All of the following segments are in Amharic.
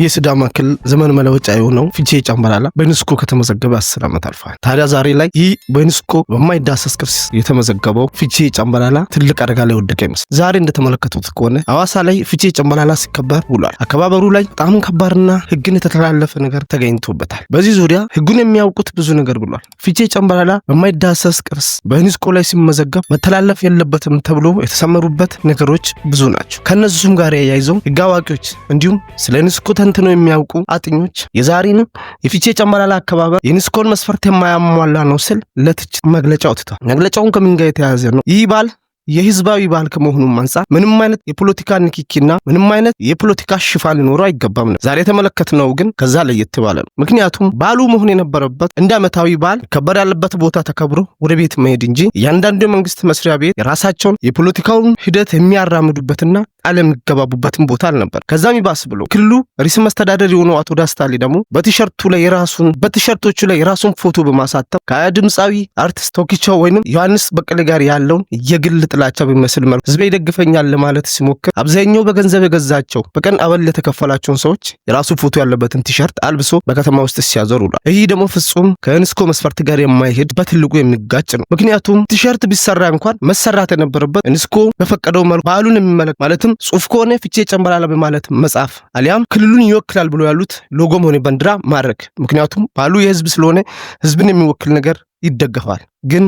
የስዳማ ክልል ዘመን መለወጫ የሆነው ፊቼ ጨምበላላ በዩኔስኮ ከተመዘገበ አስር ዓመት አልፏል። ታዲያ ዛሬ ላይ ይህ በዩኔስኮ በማይዳሰስ ቅርስ የተመዘገበው ፊቼ ጨምበላላ ትልቅ አደጋ ላይ ወደቀ ይመስል ዛሬ እንደተመለከቱት ከሆነ ሐዋሳ ላይ ፊቼ ጨምበላላ ሲከበር ውሏል። አከባበሩ ላይ በጣም ከባድና ሕግን የተተላለፈ ነገር ተገኝቶበታል። በዚህ ዙሪያ ሕጉን የሚያውቁት ብዙ ነገር ብሏል። ፊቼ ጨምበላላ በማይዳሰስ ቅርስ በዩኔስኮ ላይ ሲመዘገብ መተላለፍ የለበትም ተብሎ የተሰመሩበት ነገሮች ብዙ ናቸው። ከእነዚሁም ጋር ያያይዘው ሕግ አዋቂዎች እንዲሁም ስለ ዩኔስኮ ተንትነው የሚያውቁ አጥኞች የዛሬን የፊቼ ጨምባላላ አከባበር የኒስኮን መስፈርት የማያሟላ ነው ስል ለትችት መግለጫ አውጥቷል። መግለጫውን ከምን ጋር የተያያዘ ነው? ይህ ባል የህዝባዊ ባንክ ከመሆኑም አንጻር ምንም አይነት የፖለቲካ ንኪኪና ምንም አይነት የፖለቲካ ሽፋን ሊኖረው አይገባም ነው። ዛሬ የተመለከትነው ግን ከዛ ለየት ባለ ነው። ምክንያቱም በዓሉ መሆን የነበረበት እንደ ዓመታዊ በዓል ከበር ያለበት ቦታ ተከብሮ ወደ ቤት መሄድ እንጂ እያንዳንዱ የመንግስት መስሪያ ቤት የራሳቸውን የፖለቲካውን ሂደት የሚያራምዱበትና ቃል የሚገባቡበትን ቦታ አልነበር። ከዛም ይባስ ብሎ ክልሉ ርዕሰ መስተዳደር የሆነው አቶ ዳስታሌ ደግሞ በቲሸርቱ ላይ የራሱን በቲሸርቶቹ ላይ የራሱን ፎቶ በማሳተፍ ከድምፃዊ አርቲስት ቶኪቻው ወይንም ዮሐንስ በቀለ ጋር ያለውን የግል ጥላቻ በሚመስል መልኩ ህዝቤ ይደግፈኛል ለማለት ሲሞክር አብዛኛው በገንዘብ የገዛቸው በቀን አበል ለተከፈላቸውን ሰዎች የራሱ ፎቶ ያለበትን ቲሸርት አልብሶ በከተማ ውስጥ ሲያዞር ውሏል። ይህ ደግሞ ፍጹም ከዩኔስኮ መስፈርት ጋር የማይሄድ በትልቁ የሚጋጭ ነው። ምክንያቱም ቲሸርት ቢሰራ እንኳን መሰራት የነበረበት ዩኔስኮ በፈቀደው መልኩ በዓሉን የሚመለክ ማለትም ጽሁፍ ከሆነ ፍቼ ጨምበላላ በማለት መጻፍ አሊያም ክልሉን ይወክላል ብሎ ያሉት ሎጎም ሆነ ባንዲራ ማድረግ ምክንያቱም በዓሉ የህዝብ ስለሆነ ህዝብን የሚወክል ነገር ይደገፋል። ግን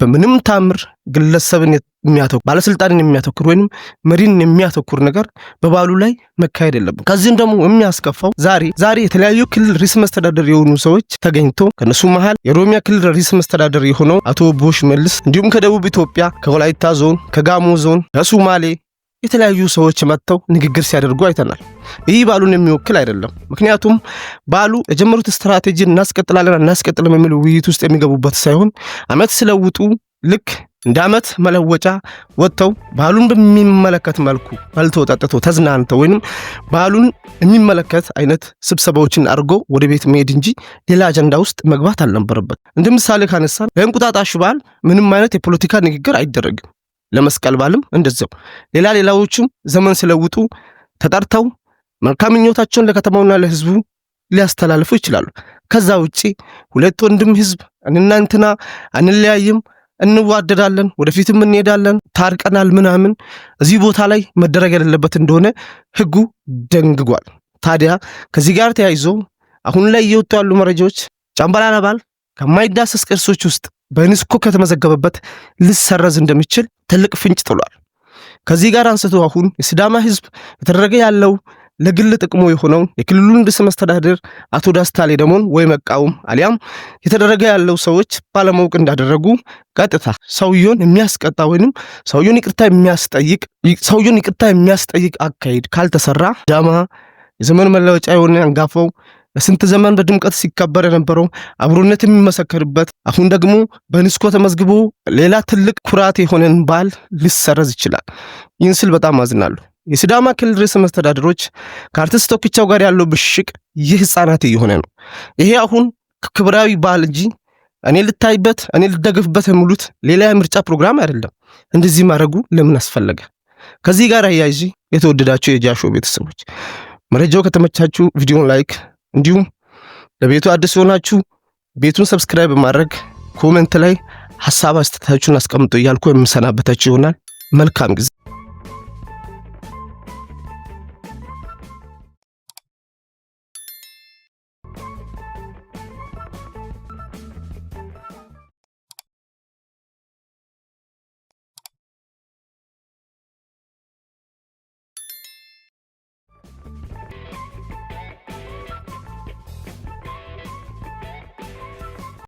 በምንም ታምር ግለሰብን የሚያተኩር ባለስልጣንን የሚያተኩር ወይም መሪን የሚያተኩር ነገር በበዓሉ ላይ መካሄድ የለብም። ከዚህም ደግሞ የሚያስከፋው ዛሬ ዛሬ የተለያዩ ክልል ርዕሰ መስተዳደር የሆኑ ሰዎች ተገኝቶ ከነሱ መሀል የኦሮሚያ ክልል ርዕሰ መስተዳደር የሆነው አቶ ቦሽ መልስ እንዲሁም ከደቡብ ኢትዮጵያ ከወላይታ ዞን ከጋሞ ዞን ከሱማሌ የተለያዩ ሰዎች መጥተው ንግግር ሲያደርጉ አይተናል። ይህ ባሉን የሚወክል አይደለም። ምክንያቱም ባሉ የጀመሩት ስትራቴጂ እናስቀጥላለን እናስቀጥልም የሚል ውይይት ውስጥ የሚገቡበት ሳይሆን አመት ስለውጡ ልክ እንደ አመት መለወጫ ወጥተው ባሉን በሚመለከት መልኩ በልቶ ጠጥቶ ተዝናንተው ወይም ባሉን የሚመለከት አይነት ስብሰባዎችን አድርጎ ወደ ቤት መሄድ እንጂ ሌላ አጀንዳ ውስጥ መግባት አልነበረበት። እንደ ምሳሌ ካነሳን ለእንቁጣጣሽ በዓል ምንም አይነት የፖለቲካ ንግግር አይደረግም። ለመስቀል ባልም እንደዚያው ሌላ ሌላዎቹም ዘመን ስለውጡ ተጠርተው መልካም ምኞታቸውን ለከተማውና ለህዝቡ ሊያስተላልፉ ይችላሉ። ከዛ ውጪ ሁለት ወንድም ህዝብ እኔና እንትና አንለያይም፣ እንዋደዳለን፣ ወደፊትም እንሄዳለን፣ ታርቀናል፣ ምናምን እዚህ ቦታ ላይ መደረግ የሌለበት እንደሆነ ህጉ ደንግጓል። ታዲያ ከዚህ ጋር ተያይዞ አሁን ላይ እየወጡ ያሉ መረጃዎች ጫምባላላ በዓል ከማይዳሰስ ቅርሶች ውስጥ በዩኔስኮ ከተመዘገበበት ሊሰረዝ እንደሚችል ትልቅ ፍንጭ ጥሏል። ከዚህ ጋር አንስቶ አሁን የሲዳማ ህዝብ የተደረገ ያለው ለግል ጥቅሙ የሆነውን የክልሉን ርዕሰ መስተዳድር አቶ ዳስታ ሌዳሞን ወይ መቃወም አሊያም የተደረገ ያለው ሰዎች ባለማወቅ እንዳደረጉ ቀጥታ ሰውየውን የሚያስቀጣ ወይንም ሰውየውን ይቅርታ የሚያስጠይቅ ሰውየውን ይቅርታ የሚያስጠይቅ አካሄድ ካልተሰራ ዳማ የዘመን መለወጫ የሆነ አንጋፋው ለስንት ዘመን በድምቀት ሲከበር የነበረው አብሮነት የሚመሰከርበት አሁን ደግሞ በዩኔስኮ ተመዝግቦ ሌላ ትልቅ ኩራት የሆነን በዓል ሊሰረዝ ይችላል። ይህን ስል በጣም አዝናለሁ። የሲዳማ ክልል ርዕሰ መስተዳድሮች ከአርቲስት ቶክቻው ጋር ያለው ብሽቅ ይህ ህፃናት እየሆነ ነው። ይሄ አሁን ክብራዊ በዓል እንጂ እኔ ልታይበት እኔ ልደገፍበት የሚሉት ሌላ የምርጫ ፕሮግራም አይደለም። እንደዚህ ማድረጉ ለምን አስፈለገ? ከዚህ ጋር አያይዤ የተወደዳቸው የጃሾ ቤተሰቦች መረጃው ከተመቻችሁ ቪዲዮን ላይክ እንዲሁም ለቤቱ አዲስ የሆናችሁ ቤቱን ሰብስክራይብ በማድረግ ኮመንት ላይ ሀሳብ አስተታችሁን አስቀምጦ እያልኩ የምሰናበታችሁ ይሆናል። መልካም ጊዜ